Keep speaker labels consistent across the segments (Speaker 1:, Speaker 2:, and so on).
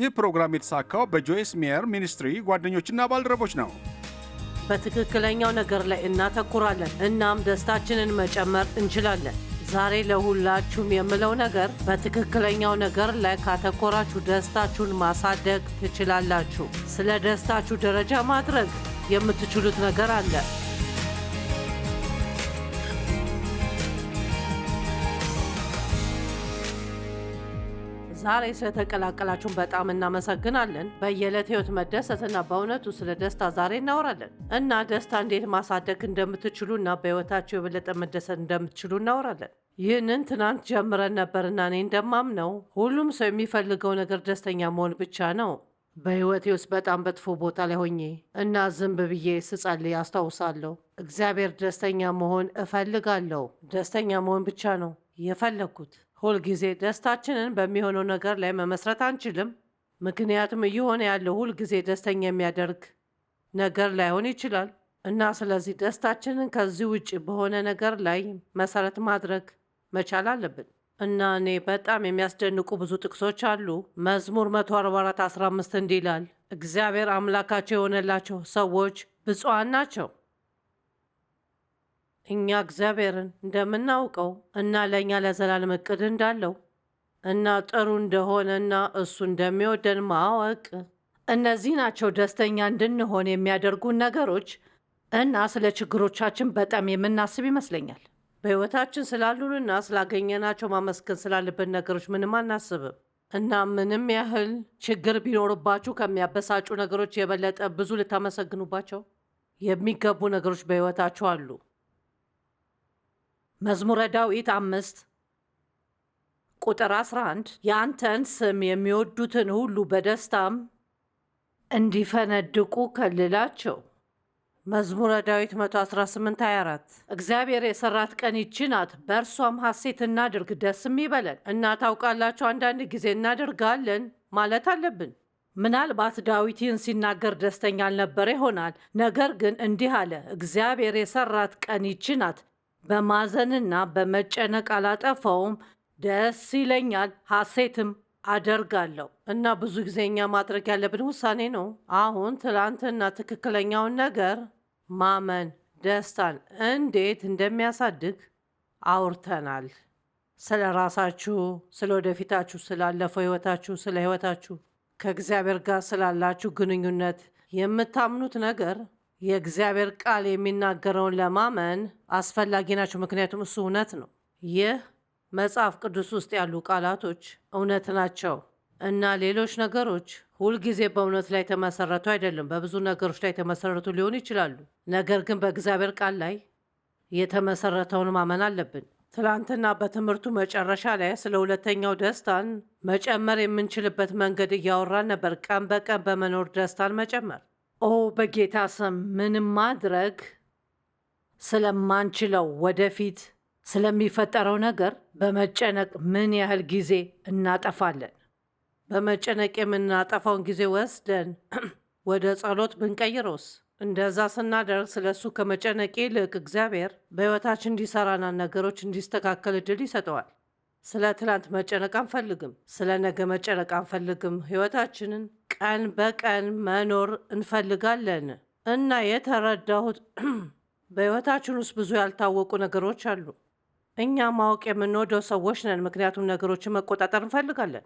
Speaker 1: ይህ ፕሮግራም የተሳካው በጆይስ ሜየር ሚኒስትሪ ጓደኞችና ባልደረቦች ነው። በትክክለኛው ነገር ላይ እናተኩራለን፣ እናም ደስታችንን መጨመር እንችላለን። ዛሬ ለሁላችሁም የምለው ነገር በትክክለኛው ነገር ላይ ካተኮራችሁ ደስታችሁን ማሳደግ ትችላላችሁ። ስለ ደስታችሁ ደረጃ ማድረግ የምትችሉት ነገር አለ። ዛሬ ስለተቀላቀላችሁን በጣም እናመሰግናለን። በየዕለት ህይወት መደሰትና በእውነቱ ስለ ደስታ ዛሬ እናወራለን እና ደስታ እንዴት ማሳደግ እንደምትችሉ እና በህይወታችሁ የበለጠ መደሰት እንደምትችሉ እናወራለን። ይህንን ትናንት ጀምረን ነበርና እኔ እንደማምነው ሁሉም ሰው የሚፈልገው ነገር ደስተኛ መሆን ብቻ ነው። በህይወቴ ውስጥ በጣም በጥፎ ቦታ ላይ ሆኜ እና ዝም ብዬ ስጸልይ አስታውሳለሁ። እግዚአብሔር ደስተኛ መሆን እፈልጋለሁ። ደስተኛ መሆን ብቻ ነው የፈለግኩት ሁልጊዜ ደስታችንን በሚሆነው ነገር ላይ መመስረት አንችልም። ምክንያቱም እየሆነ ያለው ሁልጊዜ ደስተኛ የሚያደርግ ነገር ላይሆን ይችላል እና ስለዚህ ደስታችንን ከዚህ ውጭ በሆነ ነገር ላይ መሰረት ማድረግ መቻል አለብን እና እኔ በጣም የሚያስደንቁ ብዙ ጥቅሶች አሉ። መዝሙር 144 15 እንዲህ ይላል፣ እግዚአብሔር አምላካቸው የሆነላቸው ሰዎች ብፁዓን ናቸው። እኛ እግዚአብሔርን እንደምናውቀው እና ለእኛ ለዘላለም እቅድ እንዳለው እና ጥሩ እንደሆነና እሱ እንደሚወደን ማወቅ እነዚህ ናቸው ደስተኛ እንድንሆን የሚያደርጉን ነገሮች እና ስለ ችግሮቻችን በጣም የምናስብ ይመስለኛል። በሕይወታችን ስላሉንና ስላገኘናቸው ማመስገን ስላለብን ነገሮች ምንም አናስብም እና ምንም ያህል ችግር ቢኖርባችሁ ከሚያበሳጩ ነገሮች የበለጠ ብዙ ልታመሰግኑባቸው የሚገቡ ነገሮች በሕይወታችሁ አሉ። መዝሙረ ዳዊት አምስት ቁጥር 11 የአንተን ስም የሚወዱትን ሁሉ በደስታም እንዲፈነድቁ ከልላቸው። መዝሙረ ዳዊት 24። እግዚአብሔር የሰራት ቀን ይቺ ናት፣ በእርሷም ሐሴት እናድርግ ደስም ይበለን። እና ታውቃላችሁ አንዳንድ ጊዜ እናደርጋለን ማለት አለብን። ምናልባት ዳዊት ይህን ሲናገር ደስተኛ አልነበረ ይሆናል። ነገር ግን እንዲህ አለ፣ እግዚአብሔር የሰራት ቀን ይቺ ናት በማዘንና በመጨነቅ አላጠፋውም። ደስ ይለኛል፣ ሐሴትም አደርጋለሁ እና ብዙ ጊዜ እኛ ማድረግ ያለብን ውሳኔ ነው። አሁን ትላንትና ትክክለኛውን ነገር ማመን ደስታን እንዴት እንደሚያሳድግ አውርተናል። ስለ ራሳችሁ፣ ስለ ወደፊታችሁ፣ ስላለፈው ህይወታችሁ፣ ስለ ህይወታችሁ ከእግዚአብሔር ጋር ስላላችሁ ግንኙነት የምታምኑት ነገር የእግዚአብሔር ቃል የሚናገረውን ለማመን አስፈላጊ ናቸው፣ ምክንያቱም እሱ እውነት ነው። ይህ መጽሐፍ ቅዱስ ውስጥ ያሉ ቃላቶች እውነት ናቸው እና ሌሎች ነገሮች ሁልጊዜ በእውነት ላይ ተመሰረቱ አይደለም። በብዙ ነገሮች ላይ ተመሰረቱ ሊሆኑ ይችላሉ። ነገር ግን በእግዚአብሔር ቃል ላይ የተመሰረተውን ማመን አለብን። ትላንትና በትምህርቱ መጨረሻ ላይ ስለ ሁለተኛው ደስታን መጨመር የምንችልበት መንገድ እያወራን ነበር። ቀን በቀን በመኖር ደስታን መጨመር ኦ በጌታ ስም ምንም ማድረግ ስለማንችለው ወደፊት ስለሚፈጠረው ነገር በመጨነቅ ምን ያህል ጊዜ እናጠፋለን? በመጨነቅ የምናጠፋውን ጊዜ ወስደን ወደ ጸሎት ብንቀይረውስ? እንደዛ ስናደርግ ስለ እሱ ከመጨነቅ ይልቅ እግዚአብሔር በሕይወታችን እንዲሰራና ነገሮች እንዲስተካከል እድል ይሰጠዋል። ስለ ትናንት መጨነቅ አንፈልግም። ስለ ነገ መጨነቅ አንፈልግም። ህይወታችንን ቀን በቀን መኖር እንፈልጋለን እና የተረዳሁት በህይወታችን ውስጥ ብዙ ያልታወቁ ነገሮች አሉ። እኛ ማወቅ የምንወደው ሰዎች ነን፣ ምክንያቱም ነገሮችን መቆጣጠር እንፈልጋለን።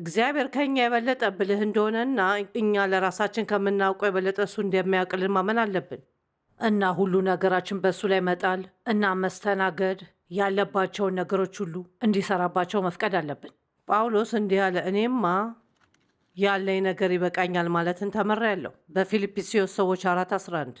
Speaker 1: እግዚአብሔር ከእኛ የበለጠ ብልህ እንደሆነና እኛ ለራሳችን ከምናውቀው የበለጠ እሱ እንደሚያውቅልን ማመን አለብን እና ሁሉ ነገራችን በእሱ ላይ መጣል እና መስተናገድ ያለባቸውን ነገሮች ሁሉ እንዲሰራባቸው መፍቀድ አለብን። ጳውሎስ እንዲህ አለ፣ እኔማ ያለኝ ነገር ይበቃኛል ማለትን ተመሪያለሁ። በፊልጵስዩስ ሰዎች 411 11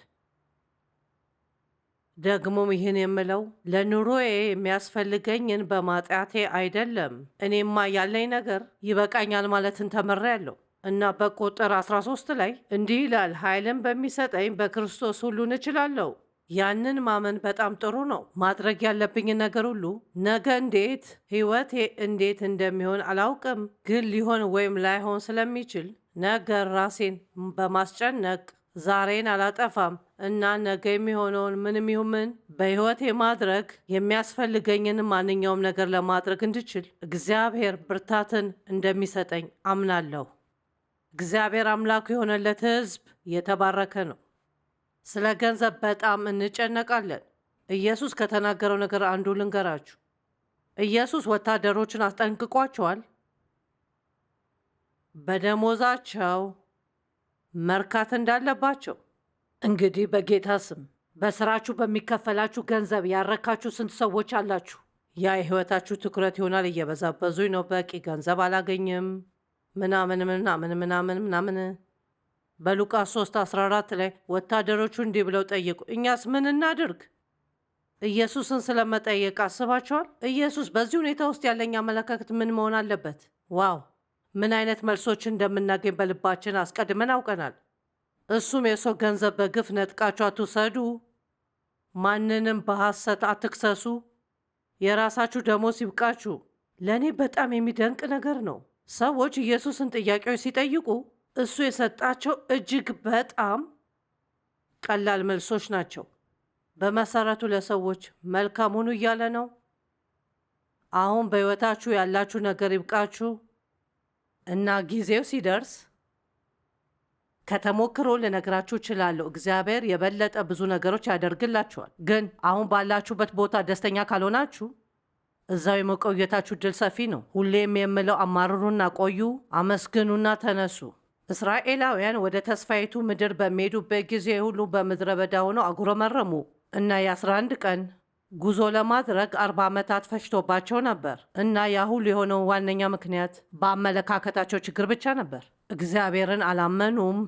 Speaker 1: ደግሞም ይህን የምለው ለኑሮዬ የሚያስፈልገኝን በማጥያቴ አይደለም፣ እኔማ ያለኝ ነገር ይበቃኛል ማለትን ያለው እና በቁጥር 13 ላይ እንዲህ ይላል፣ ኃይልን በሚሰጠኝ በክርስቶስ ሁሉን እችላለሁ። ያንን ማመን በጣም ጥሩ ነው። ማድረግ ያለብኝ ነገር ሁሉ ነገ እንዴት ህይወቴ እንዴት እንደሚሆን አላውቅም፣ ግን ሊሆን ወይም ላይሆን ስለሚችል ነገር ራሴን በማስጨነቅ ዛሬን አላጠፋም እና ነገ የሚሆነውን ምንም ይሁን ምን በህይወቴ ማድረግ የሚያስፈልገኝን ማንኛውም ነገር ለማድረግ እንድችል እግዚአብሔር ብርታትን እንደሚሰጠኝ አምናለሁ። እግዚአብሔር አምላኩ የሆነለት ህዝብ የተባረከ ነው። ስለ ገንዘብ በጣም እንጨነቃለን። ኢየሱስ ከተናገረው ነገር አንዱ ልንገራችሁ። ኢየሱስ ወታደሮችን አስጠንቅቋቸዋል። በደሞዛቸው መርካት እንዳለባቸው። እንግዲህ በጌታ ስም በስራችሁ በሚከፈላችሁ ገንዘብ ያረካችሁ ስንት ሰዎች አላችሁ? ያ የህይወታችሁ ትኩረት ይሆናል። እየበዛበዙኝ ነው፣ በቂ ገንዘብ አላገኝም፣ ምናምን ምናምን ምናምን ምናምን በሉቃስ 14 ላይ ወታደሮቹ እንዲህ ብለው ጠየቁ፣ እኛስ ምን እናድርግ? ኢየሱስን ስለመጠየቅ አስባቸዋል። ኢየሱስ በዚህ ሁኔታ ውስጥ ያለኝ አመለካከት ምን መሆን አለበት? ዋው! ምን አይነት መልሶች እንደምናገኝ በልባችን አስቀድመን አውቀናል። እሱም የሰው ገንዘብ በግፍ ነጥቃችሁ አትውሰዱ፣ ማንንም በሐሰት አትክሰሱ፣ የራሳችሁ ደሞዝ ይብቃችሁ። ለእኔ በጣም የሚደንቅ ነገር ነው። ሰዎች ኢየሱስን ጥያቄዎች ሲጠይቁ እሱ የሰጣቸው እጅግ በጣም ቀላል መልሶች ናቸው። በመሰረቱ ለሰዎች መልካም ሁኑ እያለ ነው። አሁን በሕይወታችሁ ያላችሁ ነገር ይብቃችሁ እና ጊዜው ሲደርስ ከተሞክሮ ልነግራችሁ እችላለሁ። እግዚአብሔር የበለጠ ብዙ ነገሮች ያደርግላችኋል። ግን አሁን ባላችሁበት ቦታ ደስተኛ ካልሆናችሁ እዛው የመቆየታችሁ እድል ሰፊ ነው። ሁሌም የምለው አማርሩና ቆዩ፣ አመስግኑና ተነሱ። እስራኤላውያን ወደ ተስፋይቱ ምድር በሚሄዱበት ጊዜ ሁሉ በምድረ በዳ ሆነው አጉረመረሙ እና የ11 ቀን ጉዞ ለማድረግ አርባ ዓመታት ፈጅቶባቸው ነበር እና ያ ሁሉ የሆነው ዋነኛ ምክንያት በአመለካከታቸው ችግር ብቻ ነበር። እግዚአብሔርን አላመኑም፣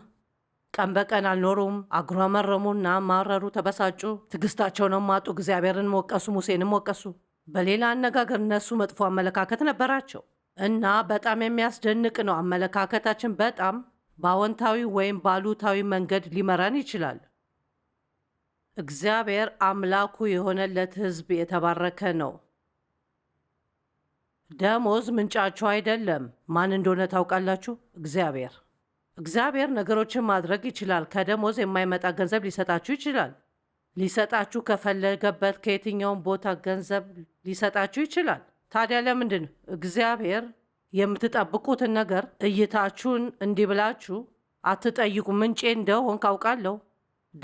Speaker 1: ቀን በቀን አልኖሩም፣ አጉረመረሙና ማረሩ፣ ተበሳጩ፣ ትዕግስታቸውንም አጡ፣ እግዚአብሔርን ሞቀሱ ሙሴንም ሞቀሱ በሌላ አነጋገር እነሱ መጥፎ አመለካከት ነበራቸው እና በጣም የሚያስደንቅ ነው። አመለካከታችን በጣም በአዎንታዊ ወይም ባሉታዊ መንገድ ሊመራን ይችላል። እግዚአብሔር አምላኩ የሆነለት ሕዝብ የተባረከ ነው። ደሞዝ ምንጫችሁ አይደለም። ማን እንደሆነ ታውቃላችሁ? እግዚአብሔር። እግዚአብሔር ነገሮችን ማድረግ ይችላል። ከደሞዝ የማይመጣ ገንዘብ ሊሰጣችሁ ይችላል። ሊሰጣችሁ ከፈለገበት ከየትኛውም ቦታ ገንዘብ ሊሰጣችሁ ይችላል። ታዲያ ለምንድን እግዚአብሔር የምትጠብቁትን ነገር እይታችሁን እንዲህ ብላችሁ አትጠይቁ። ምንጬ እንደሆን ካውቃለሁ፣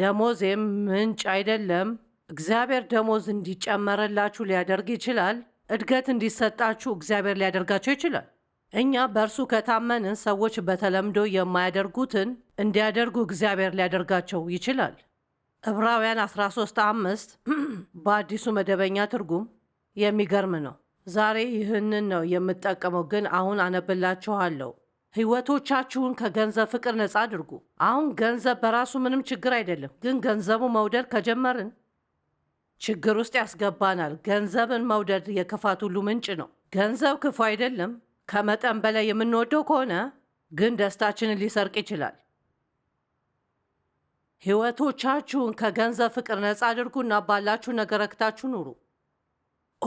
Speaker 1: ደሞዜም ምንጭ አይደለም። እግዚአብሔር ደሞዝ እንዲጨመረላችሁ ሊያደርግ ይችላል። እድገት እንዲሰጣችሁ እግዚአብሔር ሊያደርጋቸው ይችላል። እኛ በእርሱ ከታመንን ሰዎች በተለምዶ የማያደርጉትን እንዲያደርጉ እግዚአብሔር ሊያደርጋቸው ይችላል። ዕብራውያን 13 አምስት በአዲሱ መደበኛ ትርጉም የሚገርም ነው። ዛሬ ይህንን ነው የምጠቀመው፣ ግን አሁን አነብላችኋለሁ። ህይወቶቻችሁን ከገንዘብ ፍቅር ነፃ አድርጉ። አሁን ገንዘብ በራሱ ምንም ችግር አይደለም፣ ግን ገንዘቡ መውደድ ከጀመርን ችግር ውስጥ ያስገባናል። ገንዘብን መውደድ የክፋት ሁሉ ምንጭ ነው። ገንዘብ ክፉ አይደለም። ከመጠን በላይ የምንወደው ከሆነ ግን ደስታችንን ሊሰርቅ ይችላል። ህይወቶቻችሁን ከገንዘብ ፍቅር ነፃ አድርጉና ባላችሁ ነገር ረክታችሁ ኑሩ።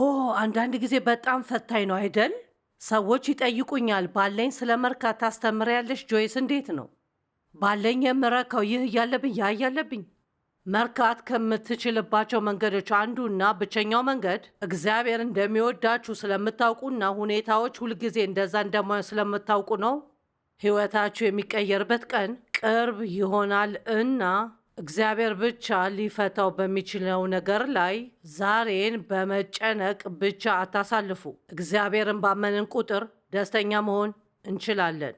Speaker 1: ኦ አንዳንድ ጊዜ በጣም ፈታኝ ነው አይደል? ሰዎች ይጠይቁኛል፣ ባለኝ ስለ መርካት ታስተምሪያለሽ ጆይስ? እንዴት ነው ባለኝ የምረካው? ይህ እያለብኝ ያ እያለብኝ መርካት ከምትችልባቸው መንገዶች አንዱና ብቸኛው መንገድ እግዚአብሔር እንደሚወዳችሁ ስለምታውቁና ሁኔታዎች ሁልጊዜ እንደዛ እንደማይሆን ስለምታውቁ ነው። ሕይወታችሁ የሚቀየርበት ቀን ቅርብ ይሆናል እና እግዚአብሔር ብቻ ሊፈታው በሚችለው ነገር ላይ ዛሬን በመጨነቅ ብቻ አታሳልፉ። እግዚአብሔርን ባመንን ቁጥር ደስተኛ መሆን እንችላለን።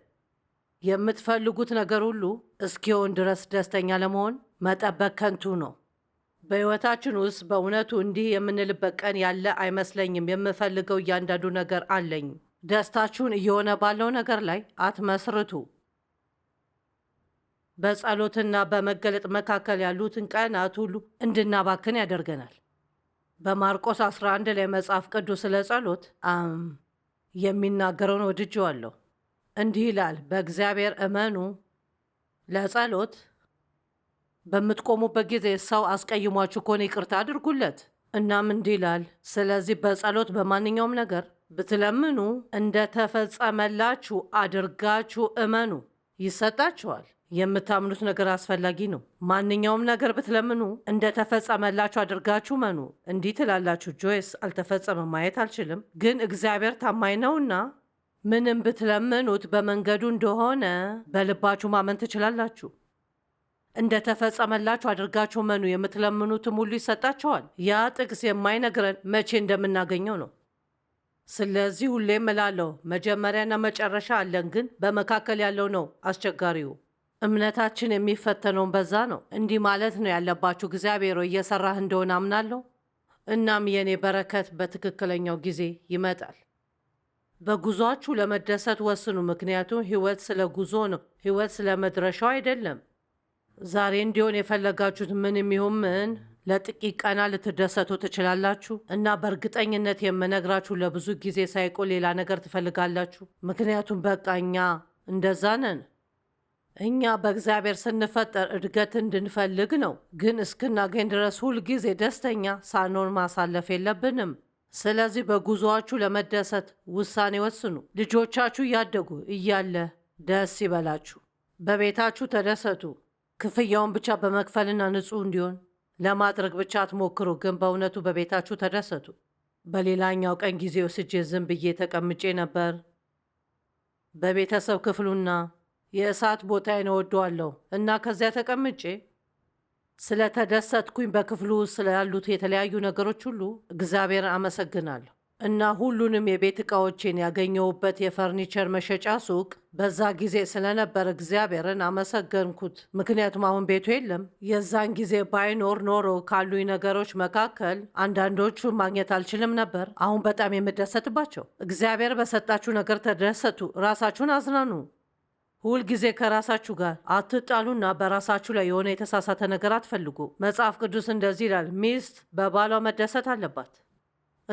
Speaker 1: የምትፈልጉት ነገር ሁሉ እስኪሆን ድረስ ደስተኛ ለመሆን መጠበቅ ከንቱ ነው። በሕይወታችን ውስጥ በእውነቱ እንዲህ የምንልበት ቀን ያለ አይመስለኝም። የምፈልገው እያንዳንዱ ነገር አለኝ። ደስታችሁን እየሆነ ባለው ነገር ላይ አትመስርቱ። በጸሎትና በመገለጥ መካከል ያሉትን ቀናት ሁሉ እንድናባክን ያደርገናል። በማርቆስ 11 ላይ መጽሐፍ ቅዱስ ስለ ጸሎት አም የሚናገረውን ወድጄዋለሁ። እንዲህ ይላል፣ በእግዚአብሔር እመኑ፣ ለጸሎት በምትቆሙበት ጊዜ ሰው አስቀይሟችሁ ከሆነ ይቅርታ አድርጉለት። እናም እንዲህ ይላል፣ ስለዚህ በጸሎት በማንኛውም ነገር ብትለምኑ እንደተፈጸመላችሁ አድርጋችሁ እመኑ፣ ይሰጣችኋል። የምታምኑት ነገር አስፈላጊ ነው። ማንኛውም ነገር ብትለምኑ እንደተፈጸመላችሁ አድርጋችሁ መኑ። እንዲህ ትላላችሁ፣ ጆይስ አልተፈጸመ ማየት አልችልም፣ ግን እግዚአብሔር ታማኝ ነውና ምንም ብትለምኑት በመንገዱ እንደሆነ በልባችሁ ማመን ትችላላችሁ። እንደተፈጸመላችሁ አድርጋችሁ መኑ፣ የምትለምኑትም ሁሉ ይሰጣቸዋል። ያ ጥቅስ የማይነግረን መቼ እንደምናገኘው ነው። ስለዚህ ሁሌም እላለሁ መጀመሪያና መጨረሻ አለን፣ ግን በመካከል ያለው ነው አስቸጋሪው። እምነታችን የሚፈተነውን በዛ ነው። እንዲህ ማለት ነው ያለባችሁ። እግዚአብሔር እየሰራህ እንደሆነ አምናለሁ። እናም የእኔ በረከት በትክክለኛው ጊዜ ይመጣል። በጉዟችሁ ለመደሰት ወስኑ፣ ምክንያቱም ህይወት ስለ ጉዞ ነው፣ ህይወት ስለ መድረሻው አይደለም። ዛሬ እንዲሆን የፈለጋችሁት ምን የሚሆን ምን ለጥቂት ቀና ልትደሰቱ ትችላላችሁ እና በእርግጠኝነት የምነግራችሁ ለብዙ ጊዜ ሳይቆይ ሌላ ነገር ትፈልጋላችሁ። ምክንያቱም በቃ እኛ እንደዛ ነን። እኛ በእግዚአብሔር ስንፈጠር እድገት እንድንፈልግ ነው። ግን እስክናገኝ ድረስ ሁልጊዜ ደስተኛ ሳንሆን ማሳለፍ የለብንም። ስለዚህ በጉዞአችሁ ለመደሰት ውሳኔ ወስኑ። ልጆቻችሁ እያደጉ እያለ ደስ ይበላችሁ። በቤታችሁ ተደሰቱ። ክፍያውን ብቻ በመክፈልና ንጹሕ እንዲሆን ለማድረግ ብቻ አትሞክሩ። ግን በእውነቱ በቤታችሁ ተደሰቱ። በሌላኛው ቀን ጊዜ ወስጄ ዝም ብዬ ተቀምጬ ነበር በቤተሰብ ክፍሉና የእሳት ቦታዬን እወደዋለሁ እና ከዚያ ተቀምጬ ስለተደሰትኩኝ በክፍሉ ስላሉት የተለያዩ ነገሮች ሁሉ እግዚአብሔርን አመሰግናለሁ እና ሁሉንም የቤት ዕቃዎችን ያገኘሁበት የፈርኒቸር መሸጫ ሱቅ በዛ ጊዜ ስለነበር እግዚአብሔርን አመሰገንኩት። ምክንያቱም አሁን ቤቱ የለም። የዛን ጊዜ ባይኖር ኖሮ ካሉኝ ነገሮች መካከል አንዳንዶቹ ማግኘት አልችልም ነበር። አሁን በጣም የምደሰትባቸው እግዚአብሔር በሰጣችሁ ነገር ተደሰቱ፣ ራሳችሁን አዝናኑ። ሁልጊዜ ከራሳችሁ ጋር አትጣሉና በራሳችሁ ላይ የሆነ የተሳሳተ ነገር አትፈልጉ። መጽሐፍ ቅዱስ እንደዚህ ይላል፣ ሚስት በባሏ መደሰት አለባት።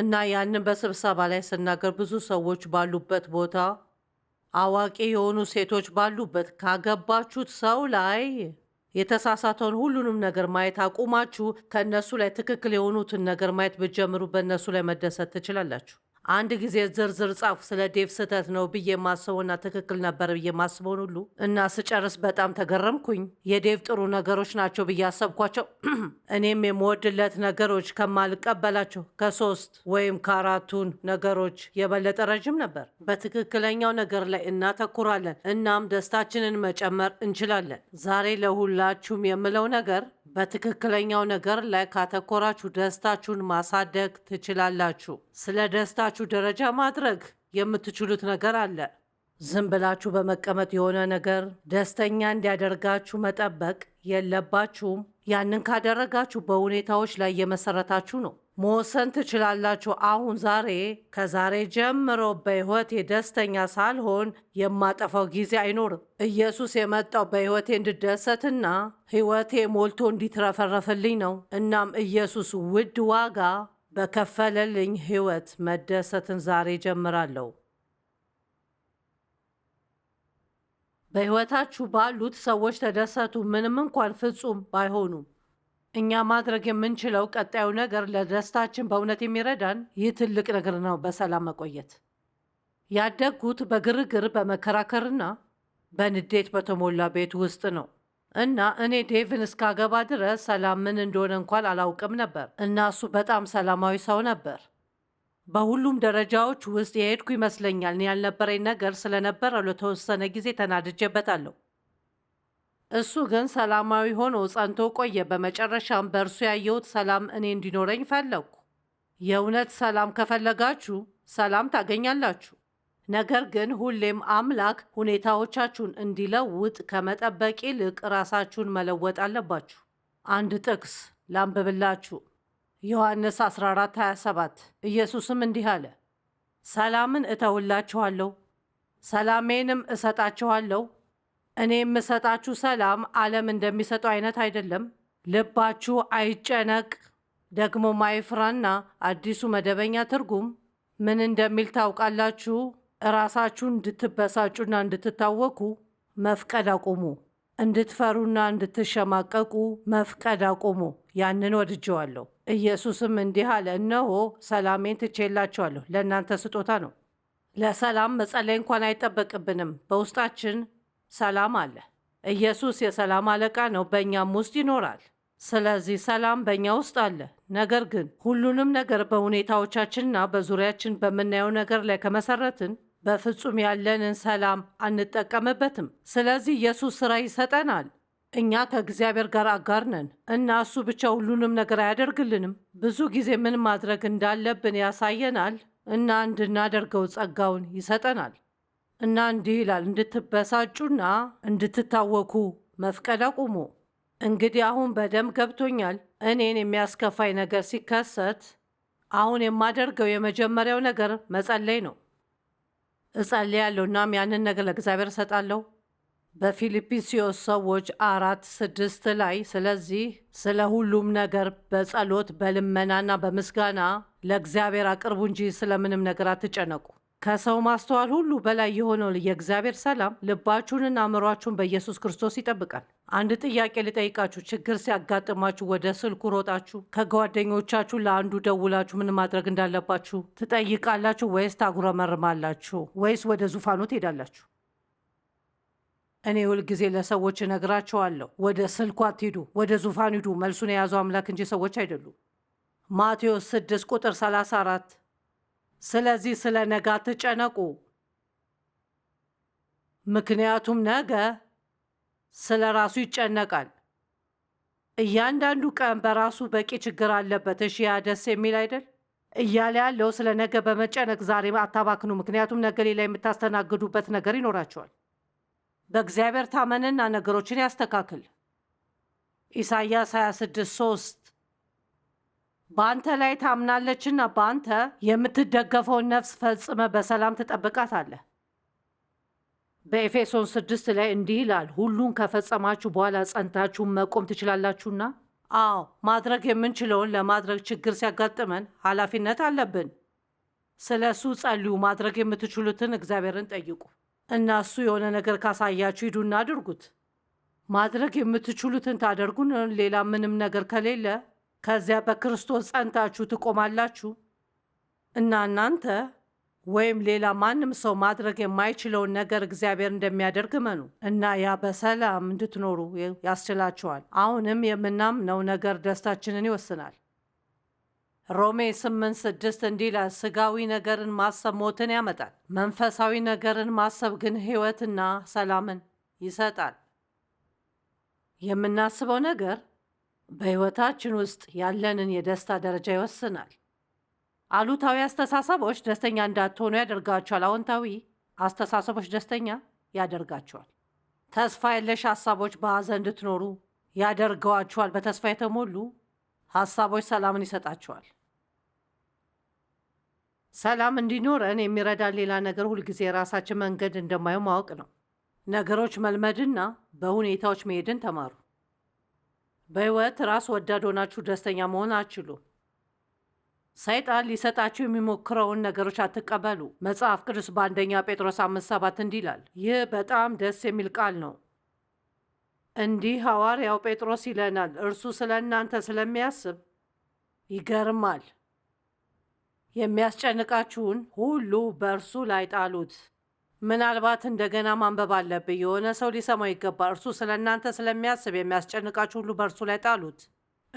Speaker 1: እና ያንን በስብሰባ ላይ ስናገር ብዙ ሰዎች ባሉበት ቦታ አዋቂ የሆኑ ሴቶች ባሉበት ካገባችሁት ሰው ላይ የተሳሳተውን ሁሉንም ነገር ማየት አቁማችሁ ከእነሱ ላይ ትክክል የሆኑትን ነገር ማየት ብትጀምሩ በእነሱ ላይ መደሰት ትችላላችሁ። አንድ ጊዜ ዝርዝር ጻፍ ስለ ዴቭ ስህተት ነው ብዬ ማስበውና ትክክል ነበር ብዬ ማስበውን ሁሉ እና ስጨርስ በጣም ተገረምኩኝ። የዴቭ ጥሩ ነገሮች ናቸው ብዬ አሰብኳቸው። እኔም የምወድለት ነገሮች ከማልቀበላቸው ከሶስት ወይም ከአራቱን ነገሮች የበለጠ ረዥም ነበር። በትክክለኛው ነገር ላይ እናተኩራለን፣ እናም ደስታችንን መጨመር እንችላለን። ዛሬ ለሁላችሁም የምለው ነገር በትክክለኛው ነገር ላይ ካተኮራችሁ ደስታችሁን ማሳደግ ትችላላችሁ። ስለ ደስታ በቻላችሁ ደረጃ ማድረግ የምትችሉት ነገር አለ። ዝም ብላችሁ በመቀመጥ የሆነ ነገር ደስተኛ እንዲያደርጋችሁ መጠበቅ የለባችሁም። ያንን ካደረጋችሁ በሁኔታዎች ላይ እየመሰረታችሁ ነው። መወሰን ትችላላችሁ። አሁን ዛሬ ከዛሬ ጀምሮ በሕይወቴ ደስተኛ ሳልሆን የማጠፋው ጊዜ አይኖርም። ኢየሱስ የመጣው በሕይወቴ እንድደሰትና ሕይወቴ ሞልቶ እንዲትረፈረፍልኝ ነው። እናም ኢየሱስ ውድ ዋጋ በከፈለልኝ ሕይወት መደሰትን ዛሬ ጀምራለሁ። በሕይወታችሁ ባሉት ሰዎች ተደሰቱ፣ ምንም እንኳን ፍጹም ባይሆኑም። እኛ ማድረግ የምንችለው ቀጣዩ ነገር ለደስታችን በእውነት የሚረዳን ይህ ትልቅ ነገር ነው። በሰላም መቆየት ያደግኩት በግርግር በመከራከርና በንዴት በተሞላ ቤት ውስጥ ነው። እና እኔ ዴቭን እስካገባ ድረስ ሰላም ምን እንደሆነ እንኳን አላውቅም ነበር እና እሱ በጣም ሰላማዊ ሰው ነበር። በሁሉም ደረጃዎች ውስጥ የሄድኩ ይመስለኛል። ያልነበረኝ ነገር ስለነበረ ለተወሰነ ጊዜ ተናድጄበታለሁ። እሱ ግን ሰላማዊ ሆኖ ጸንቶ ቆየ። በመጨረሻም በእርሱ ያየሁት ሰላም እኔ እንዲኖረኝ ፈለግኩ። የእውነት ሰላም ከፈለጋችሁ ሰላም ታገኛላችሁ። ነገር ግን ሁሌም አምላክ ሁኔታዎቻችሁን እንዲለውጥ ከመጠበቅ ይልቅ ራሳችሁን መለወጥ አለባችሁ። አንድ ጥቅስ ላንብብላችሁ። ዮሐንስ 14:27 ኢየሱስም እንዲህ አለ፣ ሰላምን እተውላችኋለሁ፣ ሰላሜንም እሰጣችኋለሁ። እኔ የምሰጣችሁ ሰላም ዓለም እንደሚሰጠው አይነት አይደለም። ልባችሁ አይጨነቅ ደግሞ ማይፍራና አዲሱ መደበኛ ትርጉም ምን እንደሚል ታውቃላችሁ? ራሳችሁ እንድትበሳጩና እንድትታወኩ መፍቀድ አቁሙ። እንድትፈሩና እንድትሸማቀቁ መፍቀድ አቁሙ። ያንን ወድጀዋለሁ። ኢየሱስም እንዲህ አለ፣ እነሆ ሰላሜን ትቼላችኋለሁ። ለእናንተ ስጦታ ነው። ለሰላም መጸለይ እንኳን አይጠበቅብንም። በውስጣችን ሰላም አለ። ኢየሱስ የሰላም አለቃ ነው፣ በእኛም ውስጥ ይኖራል። ስለዚህ ሰላም በእኛ ውስጥ አለ። ነገር ግን ሁሉንም ነገር በሁኔታዎቻችንና በዙሪያችን በምናየው ነገር ላይ ከመሰረትን በፍጹም ያለንን ሰላም አንጠቀምበትም። ስለዚህ ኢየሱስ ሥራ ይሰጠናል። እኛ ከእግዚአብሔር ጋር አጋር ነን እና እሱ ብቻ ሁሉንም ነገር አያደርግልንም። ብዙ ጊዜ ምን ማድረግ እንዳለብን ያሳየናል እና እንድናደርገው ጸጋውን ይሰጠናል። እና እንዲህ ይላል፣ እንድትበሳጩና እንድትታወኩ መፍቀድ አቁሙ። እንግዲህ አሁን በደንብ ገብቶኛል። እኔን የሚያስከፋኝ ነገር ሲከሰት አሁን የማደርገው የመጀመሪያው ነገር መጸለይ ነው። እጸልያለሁ እናም ያንን ነገር ለእግዚአብሔር እሰጣለሁ። በፊልጵስዩስ ሰዎች አራት ስድስት ላይ ስለዚህ ስለ ሁሉም ነገር በጸሎት በልመናና በምስጋና ለእግዚአብሔር አቅርቡ እንጂ ስለምንም ነገር አትጨነቁ። ከሰው ማስተዋል ሁሉ በላይ የሆነው የእግዚአብሔር ሰላም ልባችሁንና አእምሯችሁን በኢየሱስ ክርስቶስ ይጠብቃል። አንድ ጥያቄ ልጠይቃችሁ። ችግር ሲያጋጥማችሁ ወደ ስልኩ ሮጣችሁ ከጓደኞቻችሁ ለአንዱ ደውላችሁ ምን ማድረግ እንዳለባችሁ ትጠይቃላችሁ ወይስ ታጉረመርማላችሁ? ወይስ ወደ ዙፋኑ ትሄዳላችሁ? እኔ ሁልጊዜ ለሰዎች እነግራቸዋለሁ፣ ወደ ስልኩ አትሂዱ፣ ወደ ዙፋኑ ሂዱ። መልሱን የያዘው አምላክ እንጂ ሰዎች አይደሉም። ማቴዎስ 6 ቁጥር 34 ስለዚህ ስለ ነገ አትጨነቁ፣ ምክንያቱም ነገ ስለ ራሱ ይጨነቃል። እያንዳንዱ ቀን በራሱ በቂ ችግር አለበት። እሺ፣ ያ ደስ የሚል አይደል? እያለ ያለው ስለ ነገ በመጨነቅ ዛሬ አታባክኑ፣ ምክንያቱም ነገ ሌላ የምታስተናግዱበት ነገር ይኖራቸዋል። በእግዚአብሔር ታመንና ነገሮችን ያስተካክል። ኢሳይያስ 26 3 በአንተ ላይ ታምናለችና በአንተ የምትደገፈውን ነፍስ ፈጽመ በሰላም አለ። በኤፌሶን ስድስት ላይ እንዲህ ይላል፣ ሁሉን ከፈጸማችሁ በኋላ ጸንታችሁን መቆም ትችላላችሁና። አዎ ማድረግ የምንችለውን ለማድረግ ችግር ሲያጋጥመን ኃላፊነት አለብን። ስለ እሱ ጸልዩ። ማድረግ የምትችሉትን እግዚአብሔርን ጠይቁ እና እሱ የሆነ ነገር ካሳያችሁ ሂዱና አድርጉት። ማድረግ የምትችሉትን ታደርጉን። ሌላ ምንም ነገር ከሌለ ከዚያ በክርስቶስ ጸንታችሁ ትቆማላችሁ እና እናንተ ወይም ሌላ ማንም ሰው ማድረግ የማይችለውን ነገር እግዚአብሔር እንደሚያደርግ መኑ እና ያ በሰላም እንድትኖሩ ያስችላችኋል። አሁንም የምናምነው ነገር ደስታችንን ይወስናል። ሮሜ 8:6 እንዲህ ይላል፣ ስጋዊ ነገርን ማሰብ ሞትን ያመጣል፣ መንፈሳዊ ነገርን ማሰብ ግን ሕይወትና ሰላምን ይሰጣል። የምናስበው ነገር በሕይወታችን ውስጥ ያለንን የደስታ ደረጃ ይወስናል። አሉታዊ አስተሳሰቦች ደስተኛ እንዳትሆኑ ያደርጋቸዋል። አዎንታዊ አስተሳሰቦች ደስተኛ ያደርጋቸዋል። ተስፋ የለሽ ሀሳቦች በሐዘን እንድትኖሩ ያደርገዋቸዋል። በተስፋ የተሞሉ ሀሳቦች ሰላምን ይሰጣቸዋል። ሰላም እንዲኖረን የሚረዳን ሌላ ነገር ሁልጊዜ የራሳችን መንገድ እንደማየው ማወቅ ነው። ነገሮች መልመድና በሁኔታዎች መሄድን ተማሩ። በሕይወት ራስ ወዳድ ሆናችሁ ደስተኛ መሆን አችሉ! ሰይጣን ሊሰጣችሁ የሚሞክረውን ነገሮች አትቀበሉ። መጽሐፍ ቅዱስ በአንደኛ ጴጥሮስ አምስት ሰባት እንዲህ ይላል። ይህ በጣም ደስ የሚል ቃል ነው። እንዲህ ሐዋርያው ጴጥሮስ ይለናል። እርሱ ስለ እናንተ ስለሚያስብ ይገርማል። የሚያስጨንቃችሁን ሁሉ በእርሱ ላይ ጣሉት። ምናልባት እንደገና ማንበብ አለብ የሆነ ሰው ሊሰማው ይገባ። እርሱ ስለ እናንተ ስለሚያስብ የሚያስጨንቃችሁ ሁሉ በእርሱ ላይ ጣሉት።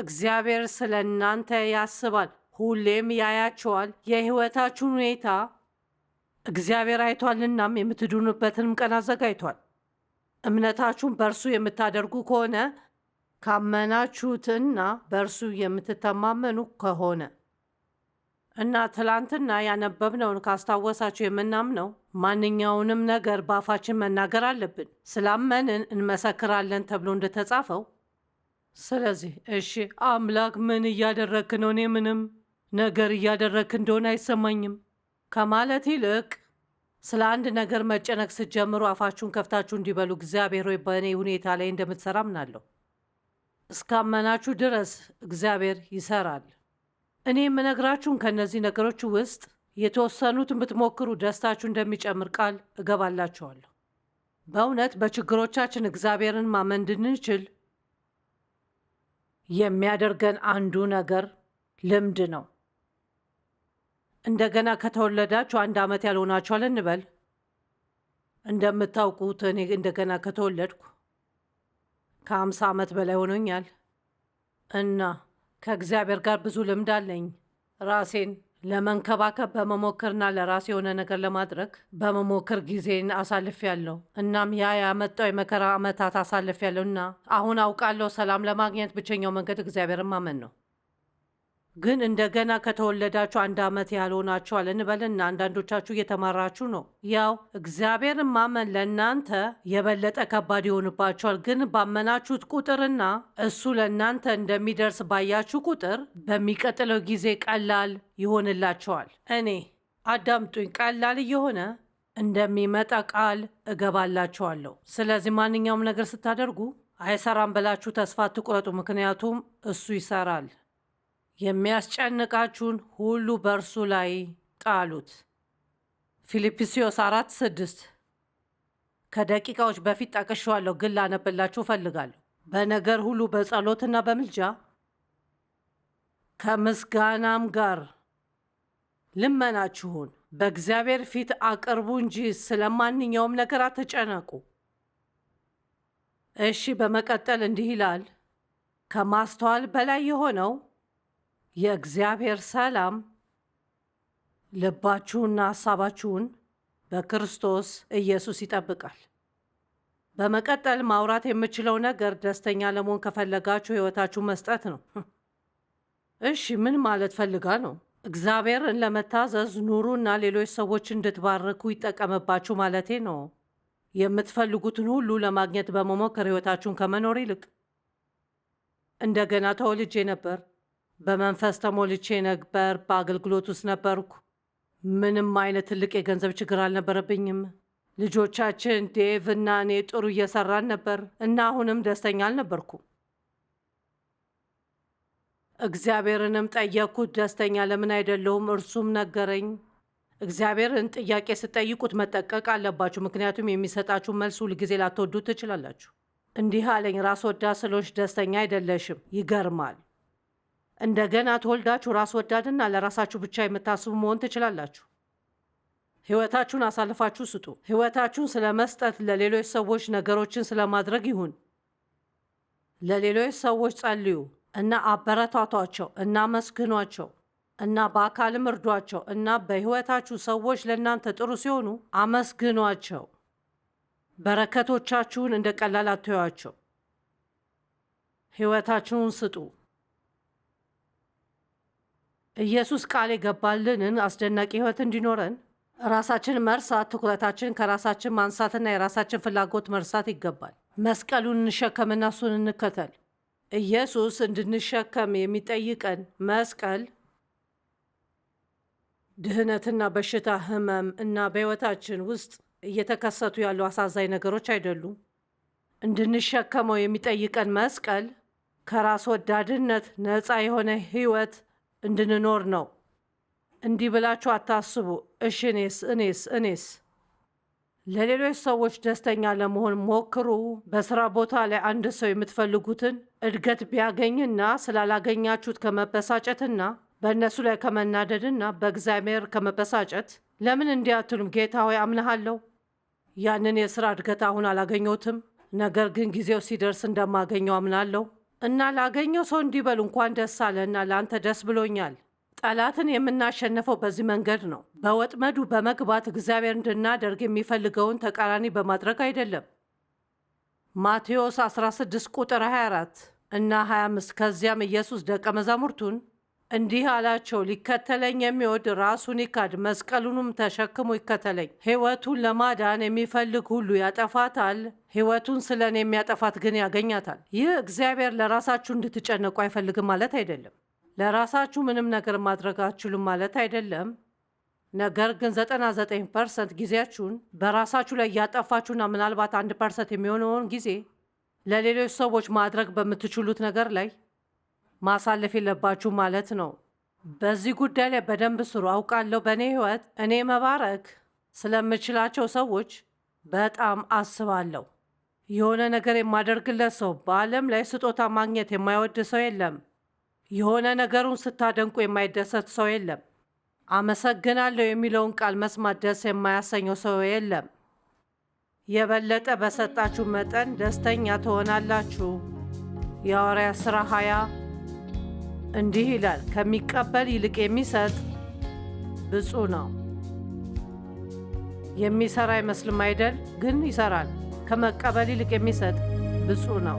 Speaker 1: እግዚአብሔር ስለ እናንተ ያስባል፣ ሁሌም ያያቸዋል። የህይወታችሁን ሁኔታ እግዚአብሔር አይቷል፣ እናም የምትድኑበትንም ቀን አዘጋጅቷል። እምነታችሁን በእርሱ የምታደርጉ ከሆነ ካመናችሁትና በእርሱ የምትተማመኑ ከሆነ እና ትላንትና ያነበብነውን ካስታወሳችሁ የምናምነው ማንኛውንም ነገር በአፋችን መናገር አለብን። ስላመንን እንመሰክራለን ተብሎ እንደተጻፈው ስለዚህ እሺ አምላክ ምን እያደረክ ነው? እኔ ምንም ነገር እያደረክ እንደሆነ አይሰማኝም ከማለት ይልቅ ስለ አንድ ነገር መጨነቅ ስትጀምሩ አፋችሁን ከፍታችሁ እንዲበሉ እግዚአብሔር ሆይ በእኔ ሁኔታ ላይ እንደምትሰራ አምናለሁ። እስካመናችሁ ድረስ እግዚአብሔር ይሰራል። እኔ የምነግራችሁን ከእነዚህ ነገሮች ውስጥ የተወሰኑትን ብትሞክሩ ደስታችሁ እንደሚጨምር ቃል እገባላችኋለሁ። በእውነት በችግሮቻችን እግዚአብሔርን ማመን እንድንችል የሚያደርገን አንዱ ነገር ልምድ ነው። እንደገና ከተወለዳችሁ አንድ ዓመት ያልሆናችኋል እንበል። እንደምታውቁት እኔ እንደገና ከተወለድኩ ከአምሳ ዓመት በላይ ሆኖኛል እና ከእግዚአብሔር ጋር ብዙ ልምድ አለኝ። ራሴን ለመንከባከብ በመሞከርና ለራስ የሆነ ነገር ለማድረግ በመሞከር ጊዜን አሳልፍ ያለው እናም ያ ያመጣው የመከራ ዓመታት አሳልፍ ያለው እና አሁን አውቃለሁ ሰላም ለማግኘት ብቸኛው መንገድ እግዚአብሔርን ማመን ነው። ግን እንደገና ከተወለዳችሁ አንድ ዓመት ያልሆናችኋል እንበልና አንዳንዶቻችሁ እየተማራችሁ ነው። ያው እግዚአብሔርን ማመን ለእናንተ የበለጠ ከባድ ይሆንባችኋል። ግን ባመናችሁት ቁጥርና እሱ ለእናንተ እንደሚደርስ ባያችሁ ቁጥር በሚቀጥለው ጊዜ ቀላል ይሆንላችኋል። እኔ አዳምጡኝ፣ ቀላል እየሆነ እንደሚመጣ ቃል እገባላችኋለሁ። ስለዚህ ማንኛውም ነገር ስታደርጉ አይሰራም ብላችሁ ተስፋ አትቁረጡ፣ ምክንያቱም እሱ ይሰራል። የሚያስጨንቃችሁን ሁሉ በእርሱ ላይ ጣሉት። ፊልጵስዩስ አራት ስድስት ከደቂቃዎች በፊት ጠቅሼዋለሁ፣ ግን ላነብላችሁ እፈልጋለሁ። በነገር ሁሉ በጸሎትና በምልጃ ከምስጋናም ጋር ልመናችሁን በእግዚአብሔር ፊት አቅርቡ እንጂ ስለ ማንኛውም ነገር አትጨነቁ። እሺ፣ በመቀጠል እንዲህ ይላል ከማስተዋል በላይ የሆነው የእግዚአብሔር ሰላም ልባችሁና ሀሳባችሁን በክርስቶስ ኢየሱስ ይጠብቃል። በመቀጠል ማውራት የምችለው ነገር ደስተኛ ለመሆን ከፈለጋችሁ ሕይወታችሁ መስጠት ነው። እሺ ምን ማለት ፈልጋ ነው? እግዚአብሔርን ለመታዘዝ ኑሩና ሌሎች ሰዎች እንድትባርኩ ይጠቀምባችሁ ማለቴ ነው። የምትፈልጉትን ሁሉ ለማግኘት በመሞከር ሕይወታችሁን ከመኖር ይልቅ እንደገና ተወልጄ ነበር በመንፈስ ተሞልቼ ነበር። በአገልግሎት ውስጥ ነበርኩ። ምንም አይነት ትልቅ የገንዘብ ችግር አልነበረብኝም። ልጆቻችን ዴቭ እና እኔ ጥሩ እየሰራን ነበር እና አሁንም ደስተኛ አልነበርኩም። እግዚአብሔርንም ጠየቅኩት፣ ደስተኛ ለምን አይደለሁም? እርሱም ነገረኝ። እግዚአብሔርን ጥያቄ ስጠይቁት መጠቀቅ አለባችሁ፣ ምክንያቱም የሚሰጣችሁ መልስ ሁልጊዜ ላትወዱት ትችላላችሁ። እንዲህ አለኝ፣ ራስ ወዳድ ስለሆንሽ ደስተኛ አይደለሽም። ይገርማል እንደገና ተወልዳችሁ ራስ ወዳድና ለራሳችሁ ብቻ የምታስቡ መሆን ትችላላችሁ። ህይወታችሁን አሳልፋችሁ ስጡ። ህይወታችሁን ስለ መስጠት፣ ለሌሎች ሰዎች ነገሮችን ስለማድረግ ይሁን። ለሌሎች ሰዎች ጸልዩ እና አበረታቷቸው እና መስግኗቸው እና በአካልም እርዷቸው እና በህይወታችሁ ሰዎች ለእናንተ ጥሩ ሲሆኑ አመስግኗቸው። በረከቶቻችሁን እንደ ቀላል አትዩዋቸው። ህይወታችሁን ስጡ። ኢየሱስ ቃል የገባልንን አስደናቂ ህይወት እንዲኖረን ራሳችን መርሳት፣ ትኩረታችን ከራሳችን ማንሳትና የራሳችን ፍላጎት መርሳት ይገባል። መስቀሉን እንሸከምና እሱን እንከተል። ኢየሱስ እንድንሸከም የሚጠይቀን መስቀል ድህነትና በሽታ፣ ህመም እና በህይወታችን ውስጥ እየተከሰቱ ያሉ አሳዛኝ ነገሮች አይደሉም። እንድንሸከመው የሚጠይቀን መስቀል ከራስ ወዳድነት ነፃ የሆነ ህይወት ። እንድንኖር ነው። እንዲህ ብላችሁ አታስቡ፣ እሽ እኔስ እኔስ እኔስ። ለሌሎች ሰዎች ደስተኛ ለመሆን ሞክሩ። በስራ ቦታ ላይ አንድ ሰው የምትፈልጉትን እድገት ቢያገኝና ስላላገኛችሁት ከመበሳጨትና በእነሱ ላይ ከመናደድና በእግዚአብሔር ከመበሳጨት ለምን እንዲያትሉም ጌታ ሆይ አምንሃለሁ፣ ያንን የስራ እድገት አሁን አላገኘሁትም፣ ነገር ግን ጊዜው ሲደርስ እንደማገኘው አምናለሁ። እና ላገኘው ሰው እንዲበል እንኳን ደስ አለ እና ለአንተ ደስ ብሎኛል። ጠላትን የምናሸንፈው በዚህ መንገድ ነው። በወጥመዱ በመግባት እግዚአብሔር እንድናደርግ የሚፈልገውን ተቃራኒ በማድረግ አይደለም። ማቴዎስ 16 ቁጥር 24 እና 25 ከዚያም ኢየሱስ ደቀ መዛሙርቱን እንዲህ አላቸው፣ ሊከተለኝ የሚወድ ራሱን ይካድ፣ መስቀሉንም ተሸክሞ ይከተለኝ። ሕይወቱን ለማዳን የሚፈልግ ሁሉ ያጠፋታል፣ ሕይወቱን ስለ እኔ የሚያጠፋት ግን ያገኛታል። ይህ እግዚአብሔር ለራሳችሁ እንድትጨነቁ አይፈልግም ማለት አይደለም። ለራሳችሁ ምንም ነገር ማድረግ አትችሉም ማለት አይደለም። ነገር ግን 99 ፐርሰንት ጊዜያችሁን በራሳችሁ ላይ እያጠፋችሁና ምናልባት አንድ ፐርሰንት የሚሆነውን ጊዜ ለሌሎች ሰዎች ማድረግ በምትችሉት ነገር ላይ ማሳለፍ የለባችሁ ማለት ነው። በዚህ ጉዳይ ላይ በደንብ ስሩ። አውቃለሁ በእኔ ህይወት እኔ መባረክ ስለምችላቸው ሰዎች በጣም አስባለሁ። የሆነ ነገር የማደርግለት ሰው በዓለም ላይ ስጦታ ማግኘት የማይወድ ሰው የለም። የሆነ ነገሩን ስታደንቁ የማይደሰት ሰው የለም። አመሰግናለሁ የሚለውን ቃል መስማት ደስ የማያሰኘው ሰው የለም። የበለጠ በሰጣችሁ መጠን ደስተኛ ትሆናላችሁ። የሐዋርያት ሥራ 20 እንዲህ ይላል፣ ከሚቀበል ይልቅ የሚሰጥ ብፁዕ ነው። የሚሰራ አይመስልም አይደል? ግን ይሰራል። ከመቀበል ይልቅ የሚሰጥ ብፁዕ ነው።